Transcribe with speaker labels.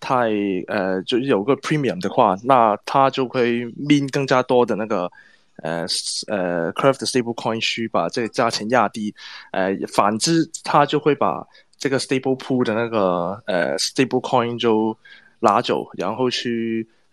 Speaker 1: 太、呃、就有個 premium 的話，那他就可以 mint 更加多的那個呃呃 Curve 的 Stablecoin 去把這個價錢壓低，呃反之，他就會把這個 Stable Pool 的那個呃 Stablecoin 就拿走，然後去